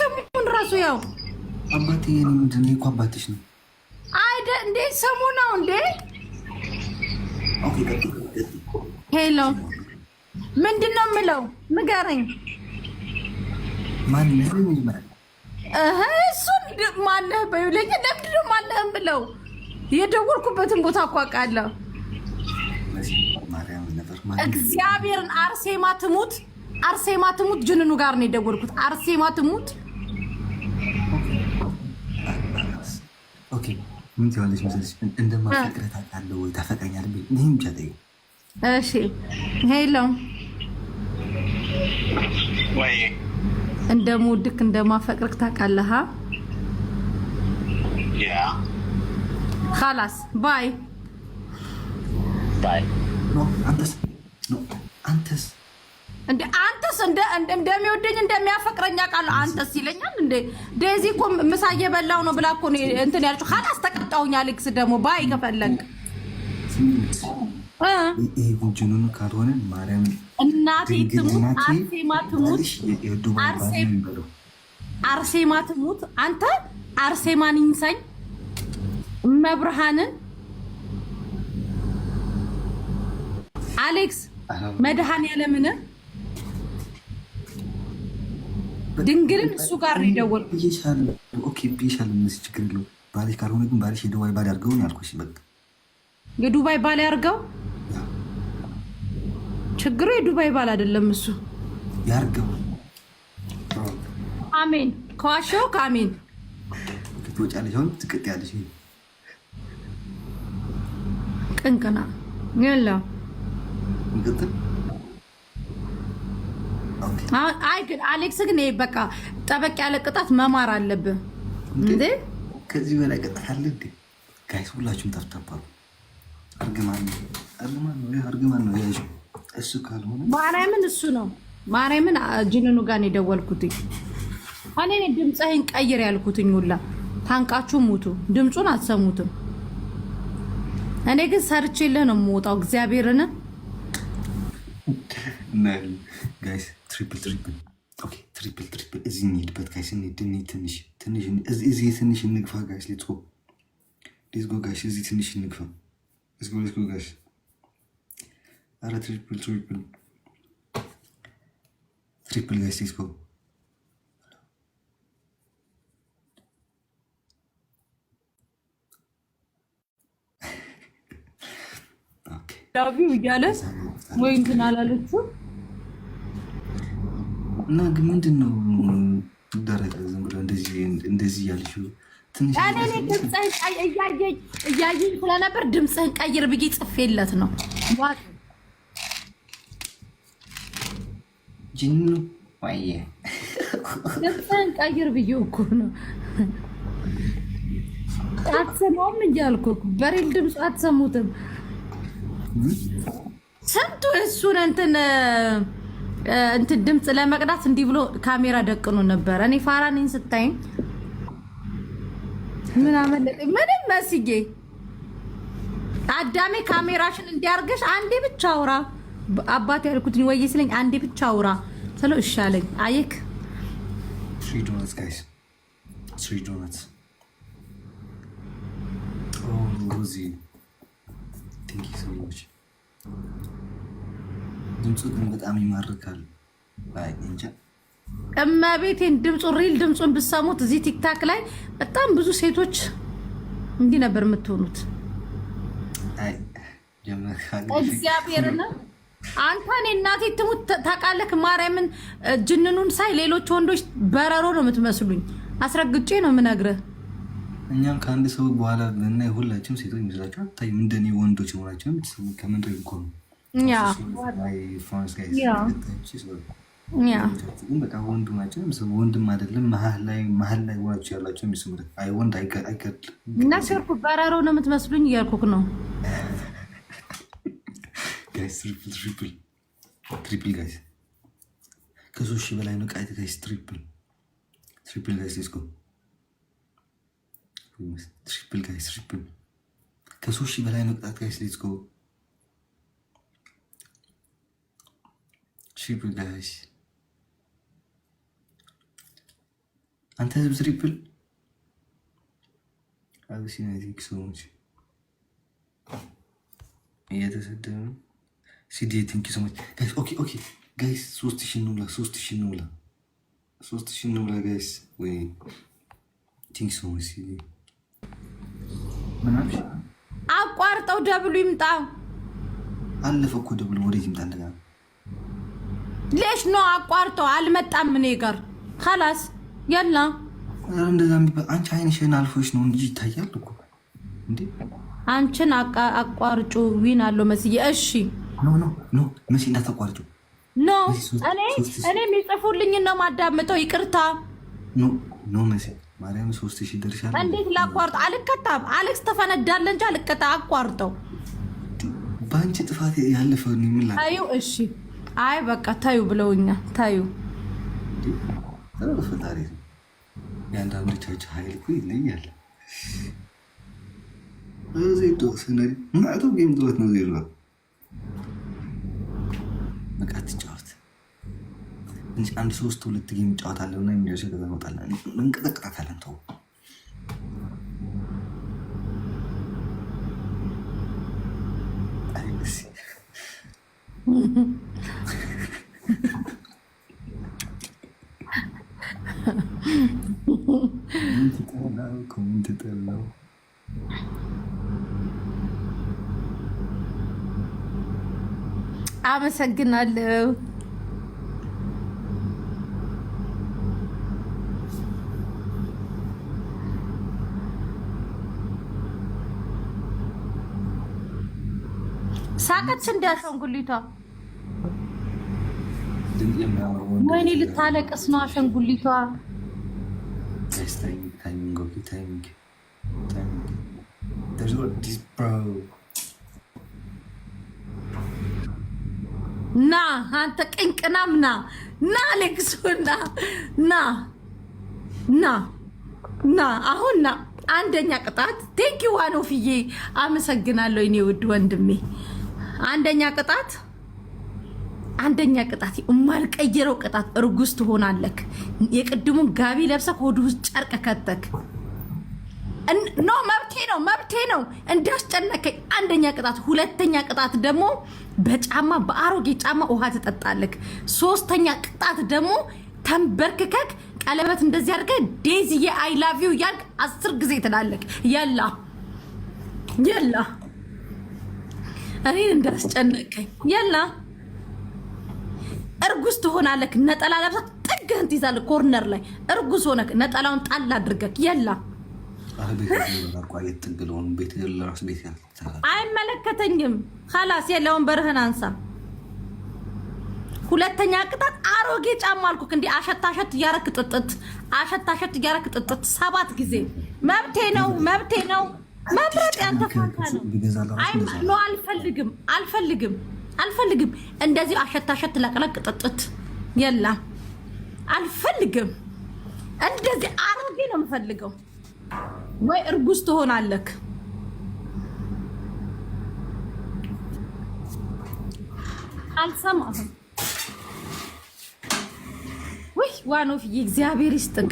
ሰሞኑን ራሱ ያው አባቴ ምንድን ነው እኮ አባትሽ ነው አይደ እንዴ ሰሙ ነው እንዴ ሄሎ ምንድን ነው የምለው ንገረኝ ማነህ እሱን ማነህ በይውለኝ ለምንድን ነው ማነህ የምለው የደወልኩበትን ቦታ እኮ አውቃለሁ እግዚአብሔርን አርሴማ ትሙት አርሴማ ትሙት ጅንኑ ጋር ነው የደወልኩት አርሴማ ትሙት ምን ትሆንልሽ መሰለሽ? እንደማፈቅርህ ታውቃለህ ወይ ታፈቅረኛለህ ብዬሽ ይህ ብቻ ጠይቅ። እሺ ይሄ የለውም እንደምወድክ እንደማፈቅርክ ታውቃለህ። ካላስ ባይ አንተስ አንተስ እንደ አንተስ እንደሚወደኝ እንደሚያፈቅረኝ አውቃለሁ። አንተስ ይለኛል እንዴ? ዴዚ እኮ ምሳ እየበላሁ ነው ብላ እኮ እንትን ያለችው ካላስ አመጣውኝ። አሌክስ ደግሞ ባይ ከፈለግ ቪዲዮን ካልሆነ ማርያም እናቴ ትሙት አርሴማ ትሙት አንተ አርሴማን ይንሰኝ መብርሃንን አሌክስ መድሃን ያለምን ድንግልን እሱ ጋር ነው የደወልኩት። ኦኬ ብዬሻለሁ። ችግር የለውም ባልሽ ካልሆነ ግን ባልሽ የዱባይ ባል ያርገው ያልኩሽ። በቃ የዱባይ ባል ያርገው። ችግሩ የዱባይ ባል አይደለም እሱ ያርገው። አሜን። ከዋሾ ከአሜን ትወጫለሽ። አሁን ትቅጥ ያለሽ ቅንቅና የለ አይ ግን አሌክስ ግን ይሄ በቃ ጠበቅ ያለ ቅጣት መማር አለብህ እንዴ ከዚህ በላይ ቀጥታ አለ እንዴ? ጋይስ ሁላችሁም ተፍተፈሩ። እርግማን ነው እርግማን ነው ያዥ እሱ ካልሆነ ማርያምን እሱ ነው ማርያምን ጅንኑ ጋር ነው የደወልኩትኝ እኔ ድምፅህን ቀይር ያልኩትኝ ሁላ ታንቃችሁ ሙቱ፣ ድምፁን አትሰሙትም። እኔ ግን ሰርቼልህ ነው የምወጣው። እግዚአብሔርን ጋይስ ትሪፕል ትሪፕል ትሪፕል ትሪፕል እዚህ እንሄድበት ጋይስ፣ እንሂድ እንሂድ፣ ትንሽ ትንሽ እዚህ ትንሽ እንግፋ ጋይስ። ሌትስ ጎ ሌትስ ጎ ጋይስ፣ እዚህ ትንሽ እንግፋ። ሌትስ ጎ ሌትስ ጎ ጋይስ። ኧረ ትሪፕል ትሪፕል ትሪፕል ጋይስ፣ ሌትስ ጎ ዳቢው እያለ ወይ እንትን አላለችው እና ግን ምንድን ነው ትዳረግ ዝም ብለህ እንደዚህ ያልሽ እያየኝ ስለነበር ድምፅህን ቀይር ብዬ ጽፌለት ነው። ጅኑ ዋየ ድምፅህን ቀይር ብዬ እኮ ነው። አትሰማውም እያልኩ በሬል ድምፅ አትሰሙትም። ስንቱ እሱን እንትን እንትን ድምፅ ለመቅዳት እንዲህ ብሎ ካሜራ ደቅኖ ነበረ። እኔ ፋራ ነኝ ስታይኝ ምን አመለጠ? ምንም መስጌ አዳሜ ካሜራሽን እንዲያርገሽ አንዴ ብቻ አውራ አባት ያልኩትን ወይዬ ስለኝ አንዴ ብቻ አውራ ስለው እሺ አለኝ። አይክ oh, Thank you so much. ድምፁ ግን በጣም ይማርካል። እንጃ እመቤቴን ድምፁ ሪል ድምፁን ብሰሙት እዚህ ቲክታክ ላይ በጣም ብዙ ሴቶች እንዲህ ነበር የምትሆኑት። እግዚአብሔር ነው እግዚአብሔርና አንተን እናቴ ትሙት ታውቃለህ፣ ማርያምን ጅንኑን ሳይ ሌሎች ወንዶች በረሮ ነው የምትመስሉኝ። አስረግጬ ነው የምነግርህ። እኛም ከአንድ ሰው በኋላ ብናይ ሁላችንም ሴቶች ይመስላችኋል። አታይም? እንደኔ ወንዶች መሆናቸውን ከመንጠ ይኮኑ በጣም ወንድም ናቸው። ወንድም አይደለም መሀል ላይ መሀል ላይ ያላቸው አይ ወንድ እና ነው የምትመስሉኝ እያልኩክ ነው። ትሪፕል ጋይስ ከሶስት ሺህ በላይ ነው ቃይት ጋይስ ትሪፕል ትሪፕል ጋይስ ስኮ ትሪፕል ጋይስ ትሪፕል ከሶስት ሺህ በላይ ነው ቅጣት ጋይስ ሌትስ ጎ ትሪፕል ጋይስ አንተ ህዝብ ትሪፕል አብሲናቲክ ሰዎች እየተሰደበ ሲዲ ቲንክ ሰዎች ጋይስ ኦኬ ኦኬ ጋይስ ሶስት ሺ ንውላ ሶስት ሺ ንውላ ሶስት ሺ ንውላ ጋይስ ወይ ቲንክ ሰዎች ሲዲ ምናምን አቋርጠው ደብሉ ይምጣ አለፈ እኮ ደብሉ ወዴት ይምጣ እንደገና ሌሽ ነው አቋርጦ አልመጣም። እኔ ጋር ከላስ የላ እንደዛ የሚባል አንቺ አይንሽን አልፎች ነው እንጂ ይታያል እኮ እንዴ። አንቺን አቋርጩ ዊን አለው መስዬ። እሺ ኖ ኖ ኖ መሲ እንዳታቋርጩ ኖ። እኔ እኔ የሚጽፉልኝ ነው ማዳምጠው። ይቅርታ ኖ ኖ መሲ ማርያም ሶስት ሺህ ደርሻለሁ። እንዴት ላቋርጦ? አልከታም። አሌክስ ተፈነዳለ እንጂ አልከታ አቋርጠው። በአንቺ ጥፋት ያለፈው ነው የምላ እሺ አይ በቃ ታዩ ብለውኛ ታዩ ፈጣሪ ነው። የአንዳንዶቻቸው ሀይል እኮ ይለያል። በቃ አትጫወት እንጂ አንድ ሶስት ሁለት ጌም ጫወታለሁ እና የሚደርስ ይመጣለን። እንቀጠቅጣታለን። ተው አይደል? አመሰግናለሁ። ሳቀች እንዳሸንጉሊቷ። ወይኔ ልታለቅስ ነው አሸንጉሊቷ። ና አንተ ቅንቅናም ና ና ለቅሶ ና ና ና ና አሁን ና አንደኛ ቅጣት ቴንኪ ዋኖፍዬ አመሰግናለሁ የኔ ውድ ወንድሜ። አንደኛ ቅጣት አንደኛ ቅጣት የማልቀየረው ቅጣት እርጉዝ ትሆናለክ። የቅድሙን ጋቢ ለብሰክ ሆድ ውስጥ ጨርቅ ከተክ። ኖ መብቴ ነው መብቴ ነው እንዳስጨነከኝ አንደኛ ቅጣት። ሁለተኛ ቅጣት ደግሞ በጫማ በአሮጌ ጫማ ውሃ ትጠጣለክ። ሶስተኛ ቅጣት ደግሞ ተንበርክከክ ቀለበት እንደዚህ አድርገህ ዴዚዬ አይ ላቭ ዩ ያልክ አስር ጊዜ ትላለክ። የላ የላ እኔን እንዳስጨነቀኝ የላ እርጉዝ ትሆናለክ። ነጠላ ለብሳ ጥግህን ትይዛለህ። ኮርነር ላይ እርጉዝ ሆነክ ነጠላውን ጣል አድርገክ የላ አይመለከተኝም። ላስ የለውን በርህን አንሳ። ሁለተኛ ቅጣት አሮጌ ጫማ አልኩክ። እንዲህ አሸታሸት እያረክ ጥጥት፣ አሸታሸት እያረክ ጥጥት ሰባት ጊዜ መብቴ ነው፣ መብቴ ነው። መምረጥ ያንተ ፋንታ ነው። ኖ አልፈልግም፣ አልፈልግም፣ አልፈልግም። እንደዚህ አሸታሸት ለቅለቅ ጥጥት የለም አልፈልግም። እንደዚህ አሮጌ ነው የምፈልገው። ወይ እርጉዝ ትሆናለክ አልሰማሁም። ወይ ዋኖፍዬ እግዚአብሔር ይስጥክ።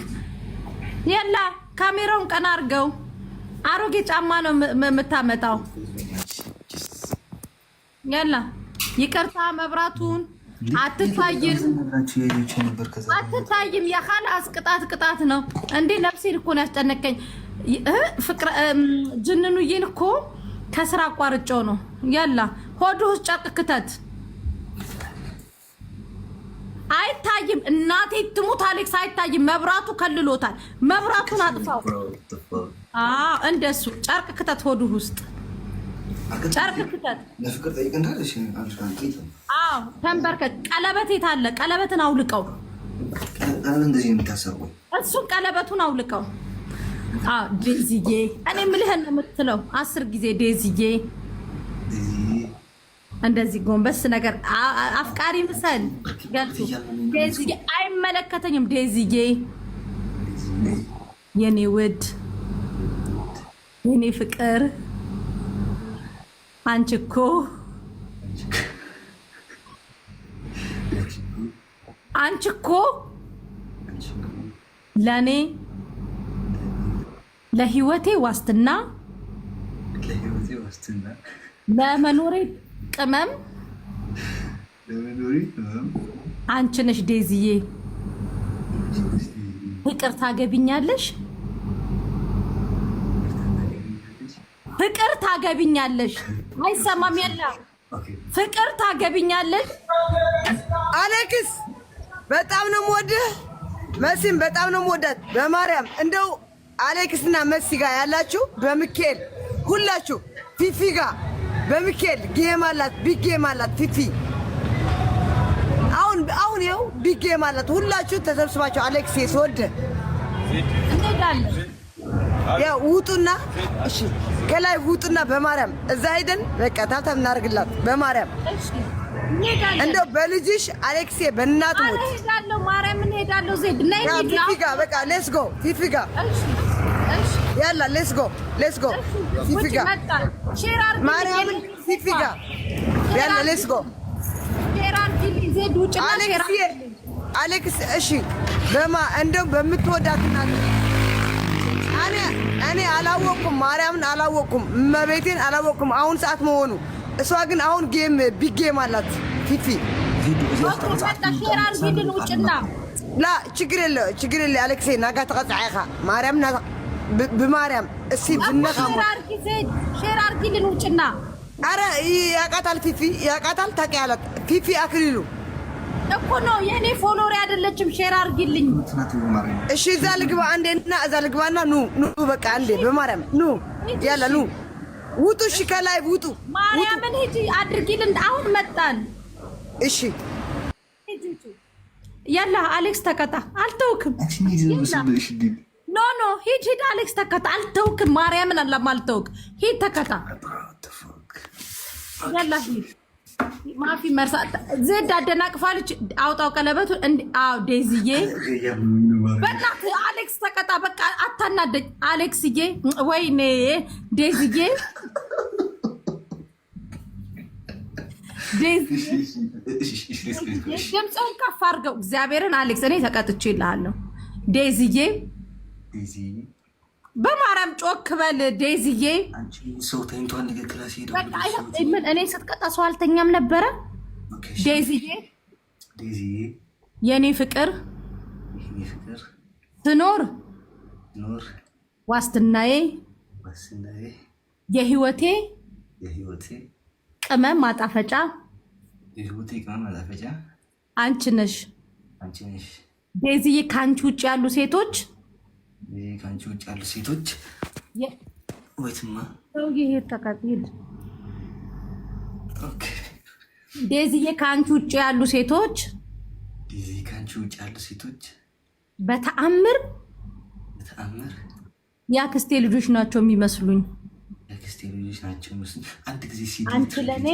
የላ ካሜራውን ቀና አድርገው አሮጌ ጫማ ነው የምታመጣው። ያላ ይቅርታ፣ መብራቱን አትታይም፣ አትታይም። የካላስ ቅጣት ቅጣት ነው እንዴ! ነፍሴን እኮ ነው ያስጨነቀኝ። ፍቅረ ጅንኑዬን እኮ ከስራ አቋርጮ ነው ያላ። ሆዱ ውስጥ ጨርቅ ክተት አይታይም። እናቴ ትሙት አሌክስ፣ አይታይም። መብራቱ ከልሎታል። መብራቱን አጥፋው። እንደሱ ጨርቅ ክተት፣ ሆዱ ውስጥ ጨርቅ ክተት። ለፍቅር ቀለበት የት አለ? ቀለበትን አውልቀው። እሱን ቀለበቱን አውልቀው። ዴዝዬ እኔ ምልህን የምትለው። አስር ጊዜ ዴዝዬ እንደዚህ ጎንበስ ነገር አፍቃሪ ምሰል ገልጹ። ዴዝዬ አይመለከተኝም። ዴዝዬ የኔ ውድ የኔ ፍቅር አንቺ እኮ አንቺ እኮ ለእኔ ለህይወቴ ዋስትና ለመኖሬ ቅመም አንቺ ነሽ ዴዝዬ፣ ፍቅር ታገቢኛለሽ? ፍቅር ታገብኛለሽ። አይሰማም የለ ፍቅር ታገብኛለሽ። አሌክስ በጣም ነው የምወድህ። መሲም በጣም ነው የምወዳት። በማርያም እንደው አሌክስና መሲ ጋር ያላችሁ በሚካኤል ሁላችሁ ፊፊ ጋር በሚካኤል ጌም አላት፣ ቢግ ጌም አላት ፊፊ አሁን አሁን ይኸው ቢግ ጌም አላት። ሁላችሁ ተሰብስባችሁ አሌክስ የስወድ እንሄዳለን ያው ውጡና፣ እሺ ከላይ ውጡና፣ በማርያም እዛ ሄደን በቃ ታብታብ እናደርግላት። በማርያም እንደው በልጅሽ አሌክሴ፣ በእናት ሞት ፊፊጋ፣ በቃ ሌስ ጎ ፊፊጋ፣ ያላ ሌስ ጎ ሌስ ጎ ፊፊጋ፣ ማርያምን ፊፊጋ፣ ያላ ሌስ ጎ አሌክስ፣ እሺ በማ እንደው በምትወዳት እናት እኔ አላወቅኩም፣ ማርያምን አላወቅኩም፣ እመቤቴን አላወቅኩም። አሁን ሰዓት መሆኑ እሷ ግን አሁን ጌም ቢጌም አላት ፊፊ ላ ችግር የለ ችግር የለ አሌክሴ ናጋ ተቐፅዐ ማርያም ብማርያም እሲ ብነኻ ሼር ያቃታል ፊፊ ያቃታል ታቂ አላት ፊፊ አክሊሉ እኮ ነው የእኔ ፎሎሪ አይደለችም። ሼር አድርጊልኝ እሺ። እዛ ልግባ አንዴና እዛ ልግባና ኑ ኑ፣ በቃ አንዴ በማርያም ኑ፣ ያለ ኑ፣ ውጡ። እሺ፣ ከላይ ውጡ። ማርያምን ሂጂ አድርጊልን። አሁን መጣን። እሺ፣ ያለ አሌክስ ተቀጣ። አልተውክም። ኖ ኖ፣ ሂድ ሂድ። አሌክስ ተቀጣ። አልተውክም። ማርያምን አላማ አልተውክ። ሂድ ተቀጣ። ያላ ሂድ ማፊ መርሳ ዘድ አደናቅፋለች። አውጣው ቀለበቱ። አዎ ዴዝዬ፣ በእናትህ አሌክስ ተቀጣ። በቃ አታናደኝ አሌክስዬ። ወይኔ ዴዝዬ፣ ድምፅህን ከፍ አድርገው እግዚአብሔርን። አሌክስ እኔ ተቀጥቼ ይልሃለሁ ዴዝዬ በማርያም ጮክ በል ዴዝዬ። ሰው ተኝቶ አንድ ክላስ ሄደምን እኔ ስትቀጣ ሰው አልተኛም ነበረ። ዴዝዬ የእኔ ፍቅር ትኖር ዋስትናዬ፣ የህይወቴ ቅመም ማጣፈጫ አንቺ ነሽ ዴዝዬ። ከአንቺ ውጭ ያሉ ሴቶች ከአንቺ ውጭ ያሉ ሴቶች ወይትማ ዴዚዬ ከአንቺ ውጭ ያሉ ሴቶች ከአንቺ ውጭ ያሉ ሴቶች በተአምር በተአምር የአክስቴ ልጆች ናቸው የሚመስሉኝ። የአክስቴ ልጆች ናቸው የሚመስሉኝ። አንድ ጊዜ ሲል አንቺ ለኔ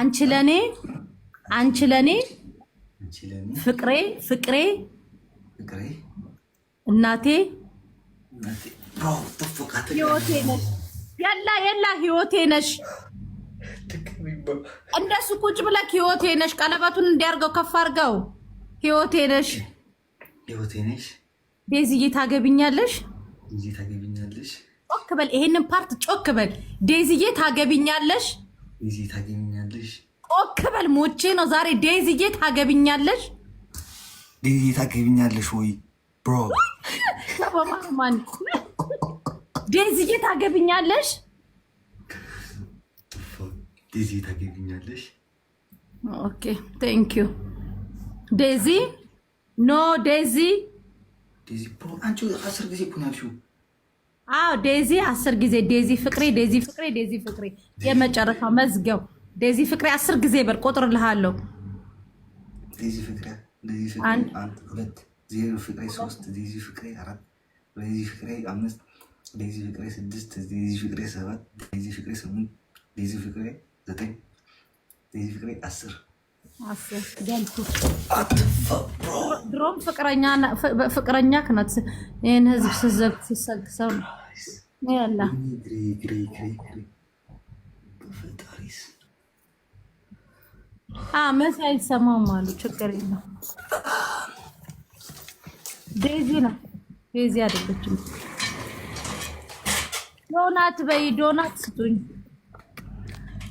አንቺ ለኔ አንቺ ለኔ ፍቅሬ ፍቅሬ ፍቅሬ እናቴ የላ የላ ህይወቴ ነሽ። እንደሱ ቁጭ ብለክ ህይወቴ ነሽ። ቀለበቱን እንዲያርገው ከፍ አርገው። ህይወቴ ነሽ፣ ህይወቴ ነሽ። ቤዝዬ ጮክ በል፣ ይሄንን ፓርት ጮክ በል። ዴዝዬ ታገብኛለሽ፣ ታገብኛለሽ። ጮክ በል፣ ሞቼ ነው ዛሬ። ዴዝዬ ታገብኛለሽ፣ ዴዝዬ ታገብኛለሽ ወይ ዴዚዬ ታገብኛለሽ፣ ዴዚዬ ታገብኛለሽ። ኦኬ ቴንክ ዩ ዴዚ። ኖ ዴዚ አስር ጊዜ አዎ ዴዚ አስር ጊዜ ዴዚ ፍቅሬ፣ ዴዚ ፍቅሬ፣ ዴዚ ፍቅሬ። የመጨረሻው መዝገብ ዴዚ ፍቅሬ አስር ጊዜ በል፣ ቆጥርልሃለሁ። ዜሮ ፍቅሬ ሶስት ዴዚ ፍቅሬ አራት ዴዚ ፍቅሬ አምስት ዴዚ ፍቅሬ ስድስት ዴዚ ፍቅሬ ሰባት ዴዚ ፍቅሬ ስምንት ዴዚ ፍቅሬ ዘጠኝ ዴዚ ፍቅሬ አስር ድሮም ፍቅረኛ ክነት ይህን ህዝብ ስዘግ ሲሰግሰው ያላ መሳይ አይሰማም አሉ ችግር የለም። ዴዚ ነው። ዴዚ አይደለችም። ዶናት በይ ዶናት ስጡኝ።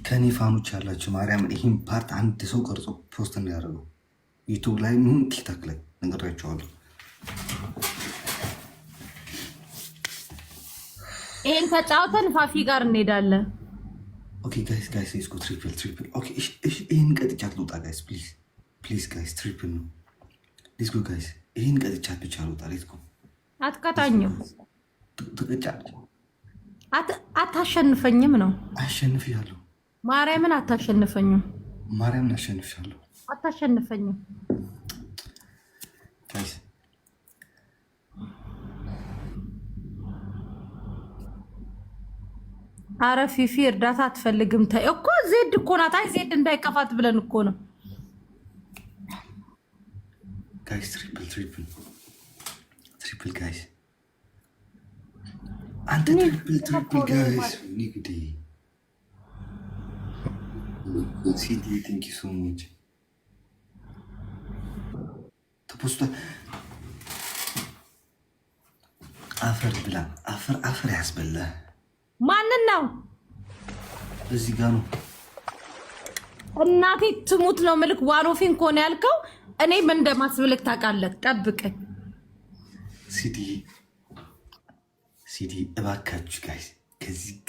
ከኔ ፋኖች ያላችሁ ማርያም ይህን ፓርት አንድ ሰው ቀርጾ ፖስት እንዳያደርገው ዩቱብ ላይ ምን ቲክታክ ላይ ነገራችኋለሁ። ይህን ተጫውተን ፋፊ ጋር እንሄዳለን። ኦኬ ጋይስ ጋይስ ስኮ ትሪፕል ትሪፕል ይህን ቀጥጫት ልውጣ ጋይስ ፕሊዝ ፕሊዝ ጋይስ ትሪፕል ነው ሌትስ ጎ ጋይስ ይህን ቀጥቻት ብቻ ነው ጠሪት እኮ አትቀጣኝም፣ ትቀጫለች። አታሸንፈኝም ነው አሸንፍሻለሁ። ማርያምን አታሸንፈኝም፣ ማርያምን አሸንፍሻለሁ። አታሸንፈኝም። አረ ፊፊ እርዳታ አትፈልግም። ተይ እኮ ዜድ እኮ ናት። አይ ዜድ እንዳይቀፋት ብለን እኮ ነው ጋይስ ትሪፕል ትሪፕል ትሪፕል ጋይስ አንተ ትሪፕል ትሪፕል ጋይስ ንግዲ ሲዲ ቴንክ ዩ ሶ ማች ተፖስቷል። አፈር ብላ አፈር አፈር ያስበላ ማንን ነው? እዚህ ጋር ነው። እናቴ ትሙት ነው ምልክ ዋኖፊን ከሆነ ያልከው እኔ ምን እንደማስብልህ ታውቃለህ። ጠብቅ ሲዲ ሲዲ፣ እባካችሁ ጋይስ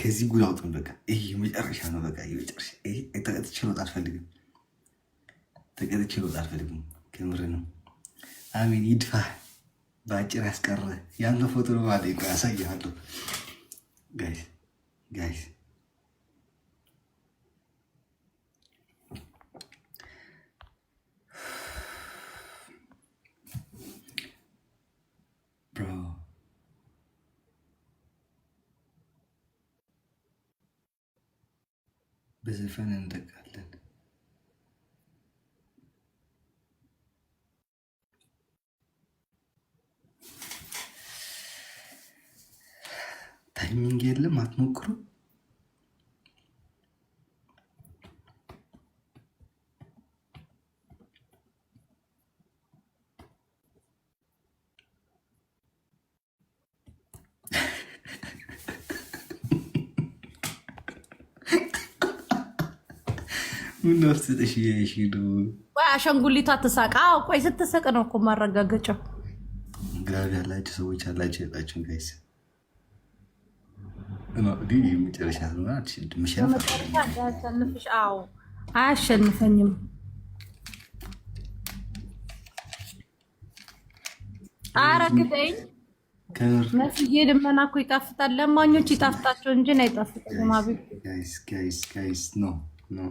ከዚህ ጉድ አውጡን። በቃ ይህ የመጨረሻ ነው። በቃ ይህ መጨረሻ ይህ ተቀጥቼ መውጣት አልፈልግም። ተቀጥቼ መውጣት አልፈልግም። ከምር ነው። አሜን ይድፋ በአጭር ያስቀረ ያንተ ፎቶ ነው ማለት ያሳያለሁ። ጋይስ ጋይስ በዘፈን እንጠቃለን። ታይሚንግ የለም አትሞክሩ። ምናፍጥጥሽ እያይሽ ነው። ቆይ አሻንጉሊቷ ትሳቅ። አዎ ቆይ ስትስቅ ነው እኮ ማረጋገጫው። ግራ ያላችሁ ሰዎች አላችሁ ያላችሁ ጋይስ መጨረሻ አያሸንፈኝም። ኧረ ግደኝ መስዬ ልመና እኮ ይጣፍጣል። ለማኞች ይጣፍጣቸው እንጂ አይጣፍጥም። አቤት ጋይስ ጋይስ ጋይስ ነው ነው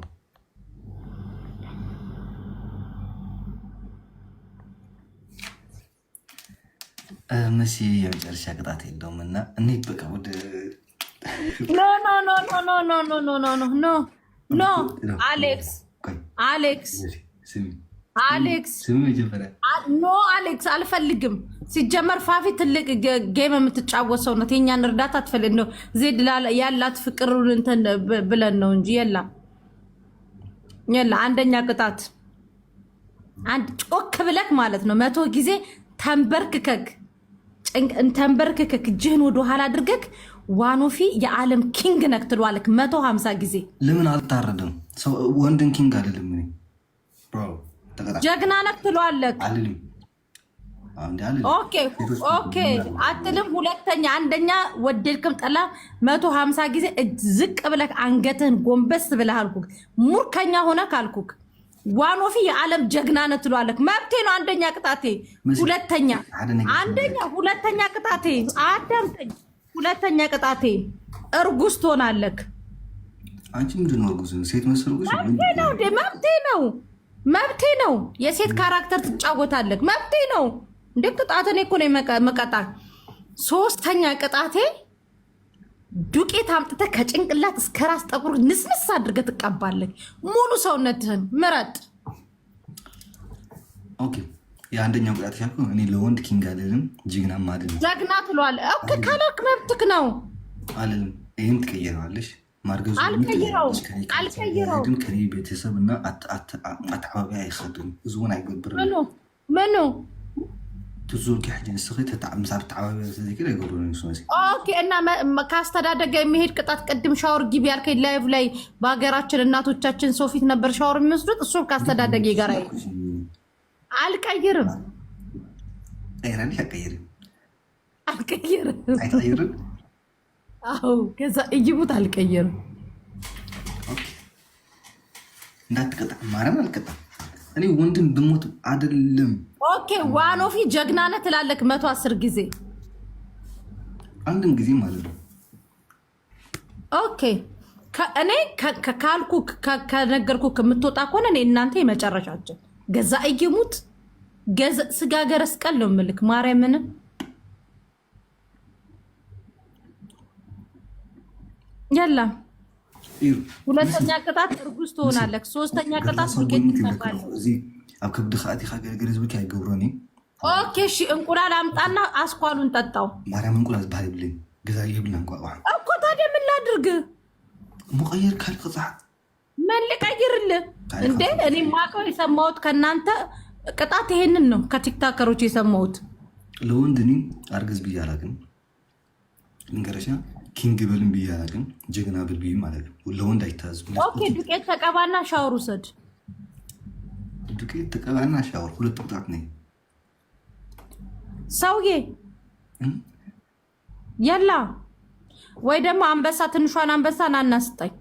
መሲ የመጨረሻ ቅጣት የለውም እና እንሂድ በቃ ወደ ኖ አሌክስ አሌክስ ኖ አሌክስ አልፈልግም። ሲጀመር ፋፊ ትልቅ ጌም የምትጫወሰው ነው። የእኛን እርዳታ አትፈልግ ነው። ዜድ ያላት ፍቅሩን እንትን ብለን ነው እንጂ የላ የላ አንደኛ ቅጣት አንድ ጮክ ብለክ ማለት ነው መቶ ጊዜ ተንበርክከክ እንተንበርክከክ እጅህን ወደ ኋላ አድርገክ ዋኖፊ የዓለም ኪንግ ነክ ትሏልክ መቶ ሀምሳ ጊዜ ለምን አልታረደም? ወንድን ኪንግ አልልም። ጀግና ነክ ትሏለክ ኦኬ አትልም። ሁለተኛ አንደኛ ወደድክም ጠላ መቶ ሀምሳ ጊዜ ዝቅ ብለክ አንገትህን ጎንበስ ብለህ አልኩክ። ሙርከኛ ሆነክ አልኩክ ዋኖፊ የዓለም ጀግና ነህ ትሏለህ። መብቴ ነው። አንደኛ ቅጣቴ፣ ሁለተኛ አንደኛ ሁለተኛ ቅጣቴ፣ አዳምጠኝ። ሁለተኛ ቅጣቴ እርጉዝ ትሆናለህ። አንቺ ምንድን ነው እርጉዝ? ሴት መስርጉዝ መብቴ ነው። መብቴ ነው። መብቴ ነው። የሴት ካራክተር ትጫወታለህ። መብቴ ነው። እንደ ቅጣት እኔ እኮ ነው መቀጣ። ሶስተኛ ቅጣቴ ዱቄት አምጥተህ ከጭንቅላት እስከ ራስ ጠቁር ንስንስ አድርገህ ትቀባለህ። ሙሉ ሰውነትህን ምረጥ። የአንደኛው ቅጣት ያልኩ እኔ ለወንድ ኪንግ አልልም፣ ጀግና አልልም። ጀግና ትለዋለህ። ከለርክ መብትክ ነው አልልም። ይህም ትቀይረዋለሽ። ማርገዙ አልቀይረውም። ከኔ ቤተሰብ እና አተባቢ አይሰዱም። ህዝቡን አይገብርም ምኑ ምኑ ትዞጊያ ጅንስ ምሳብ ተዓባቢ እና ካስተዳደገ የሚሄድ ቅጣት ቅድም ሻወር ግቢ ያልከኝ ላይቭ ላይ በሀገራችን እናቶቻችን ሰው ፊት ነበር ሻወር የሚወስዱት። እሱም ካስተዳደገ ጋር አልቀይርም አልቀይርም። አዎ ከዛ እይቡት አልቀይርም እንዳትቀጣ ማረም አልቀጣም እኔ ወንድም ብሞት አይደለም። ኦኬ ዋኖፊ ጀግና ነህ ትላለህ መቶ አስር ጊዜ አንድም ጊዜ ማለት ነው። ኦኬ እኔ ካልኩ ከነገርኩ ከምትወጣ ከሆነ እኔ እናንተ የመጨረሻችን ገዛ እየሙት ስጋ ገረስ ቀል ነው የምልክ ማርያምን የለም ሁለተኛ ቅጣት እርጉዝ ትሆናለህ። ሶስተኛ ቅጣት ሱቄት ይጠባል። ኣብ ከብዲ ከዓ ቲካ ገለገለ ዝብልካ ይገብሮን ኦኬ። እሺ እንቁላል አምጣና አስኳሉን ጠጣው። ማርያም እንቁላል ዝበሃል የብልን ገዛ የብልና እንቋቋ እኮ ታዲያ ምን ላድርግ? መቀየር ካል ቅፅዓ ምን ልቀይርልህ እንዴ? እኔ ማቀው የሰማሁት ከእናንተ ቅጣት ይሄንን ነው ከቲክታከሮች የሰማሁት። ለወንድ እኔ አርግዝ ብያ አላውቅም። ኪንግ ብልም ብዬ አላውቅም፣ ጀግና ብል ብዬ ማለት ነው። ለወንድ አይታዝ። ዱቄት ተቀባና ሻወር ውሰድ። ዱቄት ተቀባና ሻወር ሁለት ቁጣት ነኝ ሰውዬ። የላ ወይ ደግሞ አንበሳ፣ ትንሿን አንበሳ ና እናስጠኝ።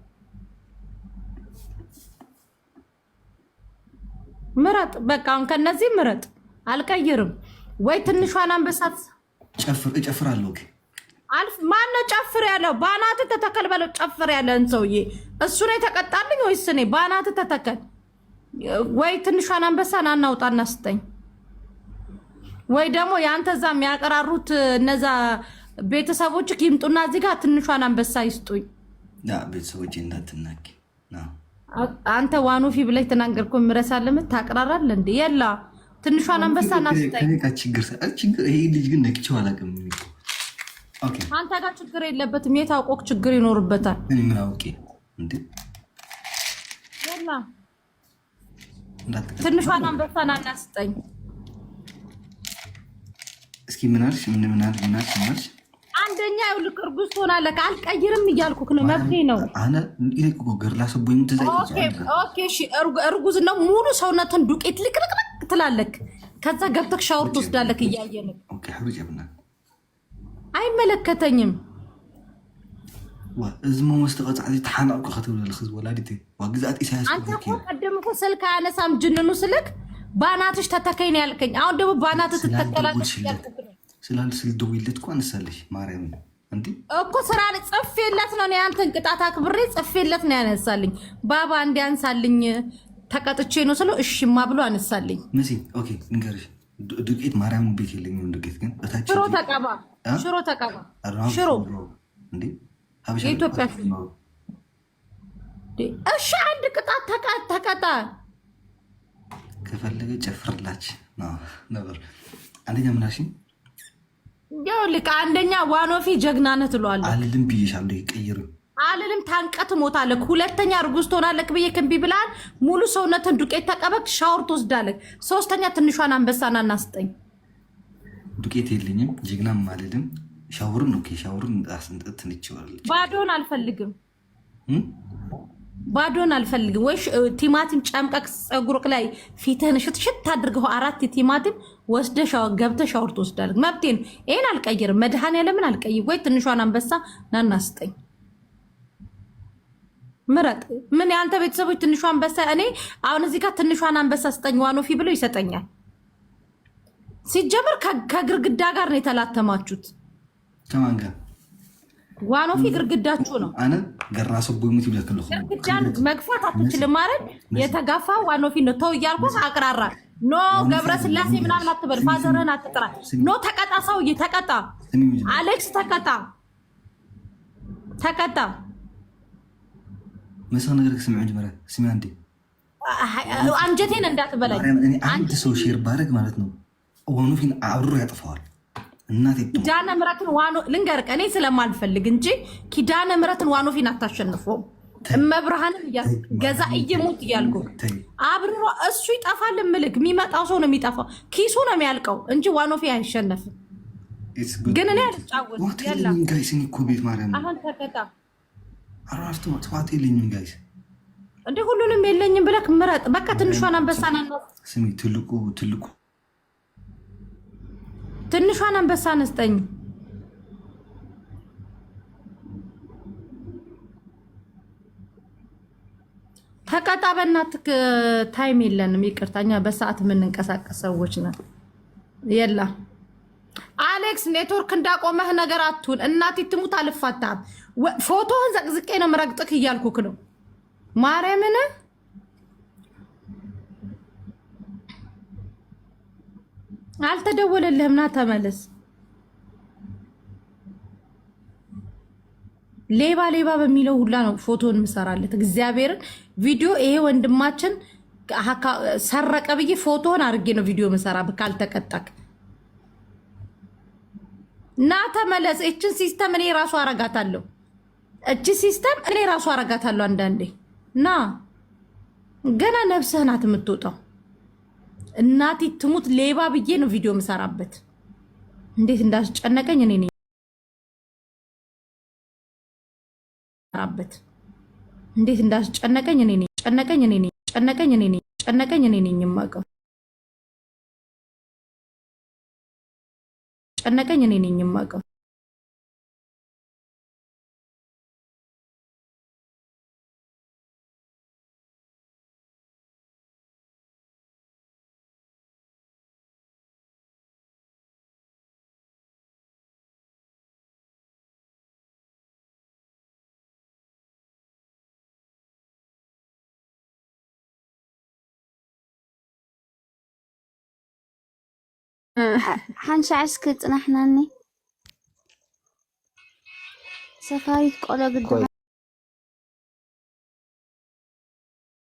ምረጥ፣ በቃ አሁን ከነዚህ ምረጥ። አልቀይርም ወይ ትንሿን አንበሳት ጨፍር፣ እጨፍራለሁ አልፍ ማነው ጨፍር ያለው? ባናት ተተከል በለው። ጨፍር ያለን ሰውዬ እሱ ላይ ተቀጣልኝ ወይስ እኔ? ባናት ተተከል ወይ ትንሿን አንበሳን አናውጣ እናስጠኝ ወይ ደግሞ የአንተ እዛ የሚያቀራሩት እነዛ ቤተሰቦች ይምጡና እዚህ ጋር ትንሿን አንበሳ ይስጡኝ። ቤተሰቦች እንዳትናቂ አንተ ዋኑፊ ብለህ ተናገርኩ። የምረሳለም ታቅራራለ እንዴ? የላ ትንሿን አንበሳ ናስጠኝ። ችግር ይሄ ልጅ ግን ነቅቼው አላውቅም። አንተ ጋር ችግር የለበትም። የታወቀው ችግር ይኖርበታል። ምን አውቄ እንዴ? ትንሿን አንበሳን አናስጠኝ እስኪ። ምን አልሽ? ምን ምን አልሽ? ምን አልሽ? አንደኛ ይኸውልህ፣ እርጉዝ ትሆናለህ አልቀይርም እያልኩህ ነው። መብቴ ነው። እርጉዝ ነው። ሙሉ ሰውነትን ዱቄት ልቅልቅልቅ ትላለህ። ከዛ ገብተህ ሻወር ትወስዳለህ እያየንም ኣይመለከተኝም እዚ መወስተ ቀፃዕዚ ተሓናቕኩ ክትብል ዘለክ ወላዲት ግዛት ኢሳያስ አንተ እኮ ቀደም እኮ ስልክ አነሳም ጅንኑ ስልክ ባናትሽ ተተከይን ያልከኝ አሁን ደሞ ባናት ትተከላለች ስላል ስል ደውይለት እኮ ማርያም እኮ ስራ ጽፌለት ነው ያንተን ቅጣት አክብሬ ጽፌለት ነው ያነሳልኝ። ባባ እንዲያንሳልኝ ተቀጥቼ ነው ስለው እሺማ ብሎ አነሳልኝ። ንገርሽ ዱቄት ማርያም ቤት የለኝም። ዱቄት ግን ሽሮ ተቀባ፣ ሽሮ ተቀባ፣ ሽሮ የኢትዮጵያ እሺ፣ አንድ ቅጣት ተቀጣ። ከፈለገ ጨፍርላች ነበር። አንደኛ ምናሽ ይኸውልህ፣ አንደኛ ዋኖፊ ጀግናነት እለዋለሁ አልልም ብዬሽ አለ አልልም። ታንቀት ሞታለክ። ሁለተኛ እርጉዝ ትሆናለክ ብዬ ክንቢ ብላል። ሙሉ ሰውነትን ዱቄት ተቀበክ፣ ሻወር ትወስዳለክ። ሶስተኛ ትንሿን አንበሳና እናስጠኝ። ዱቄት የለኝም፣ ጀግናም አልልም። ሻወርን ነው ሻወርን ትንችዋለች። ባዶን አልፈልግም፣ ባዶን አልፈልግም። ወይ ቲማቲም ጨምቀክ ፀጉርክ ላይ ፊትህን ሽትሽት አድርገው አራት ቲማቲም ወስደ ገብተ ሻወር ትወስዳለክ። መብቴ ነው፣ ይህን አልቀይርም። መድሃን ያለምን አልቀይር። ወይ ትንሿን አንበሳ ናናስጠኝ ምረጥ። ምን የአንተ ቤተሰቦች ትንሿ አንበሳ፣ እኔ አሁን እዚህ ጋር ትንሿን አንበሳ ስጠኝ ዋኖፊ ብለው ይሰጠኛል። ሲጀምር ከግርግዳ ጋር ነው የተላተማችሁት። ከማን ጋር ዋኖፊ ግርግዳችሁ ነው። ግርግዳን መግፋት አትችልም ማለት የተጋፋ ዋኖፊ ነው። ተው እያልኩ አቅራራ። ኖ ስላሴ ምናምን አትበል። ፋዘርህን አትጥራ። ኖ ተቀጣ፣ ሰውዬ ተቀጣ፣ አሌክስ ተቀጣ፣ ተቀጣ መስ ነገር ክስምዑ ጀመረ። ስሚ አንዴ አንጀቴን እንዳትበላኝ። አንድ ሰው ሼር ባረግ ማለት ነው ዋኑ ፊን አብሮ ያጥፈዋል። ኪዳነ ምሕረትን ዋኖ ልንገርህ፣ እኔ ስለማልፈልግ እንጂ ኪዳነ ምረትን ዋኖ ፊን አታሸንፈውም። መብርሃንም ገዛ እየሙት እያልኩ አብሮ እሱ ይጠፋል። ምልክ የሚመጣው ሰው ነው የሚጠፋው፣ ኪሱ ነው የሚያልቀው እንጂ ዋኖ ፊ አይሸነፍም። ግን እኔ አልጫወትም። ቤት ማለት ነው አሁን ተከታ አራፍቶ መጥፋት የለኝም ጋይስ እንዴ ሁሉንም የለኝም ብለህ ምረጥ። በቃ ትንሿን ነው። ስሚ፣ ትልቁ ትልቁ ትንሿን አንበሳ ነስጠኝ። ተቀጣ በእናትህ። ታይም የለንም፣ ይቅርታ። እኛ በሰዓት የምንንቀሳቀስ ሰዎች ነን። የላ አሌክስ ኔትወርክ እንዳቆመህ ነገር አትሁን። እናቴ ትሙት አልፋታም። ፎቶህን ዘቅዝቄ ነው መረግጥክ እያልኩክ ነው ማርያምን አልተደወለልህም ና ተመለስ ሌባ ሌባ በሚለው ሁላ ነው ፎቶን ምሰራለት እግዚአብሔርን ቪዲዮ ይሄ ወንድማችን ሰረቀ ብዬ ፎቶን አድርጌ ነው ቪዲዮ ምሰራ ካልተቀጣክ ና ተመለስ ይችን ሲስተም እኔ ራሱ አረጋታለሁ እቺ ሲስተም እኔ ራሱ አረጋታለሁ አንዳንዴ እና ገና ነፍስህ ናት የምትወጣው። እናቴ ትሙት ሌባ ብዬ ነው ቪዲዮ የምሰራበት። እንዴት እንዳስጨነቀኝ እኔ ነኝ እንዴት እንዳስጨነቀኝ እኔ ነኝ ጨነቀኝ እኔ ነኝ ጨነቀኝ እኔ ነኝ ጨነቀኝ እኔ ነኝ የማውቀው ጨነቀኝ እኔ ነኝ የማውቀው ሓንሻ ዕስክት ፅናሕናኒ ሰፋሪት ቆሎ ግድማ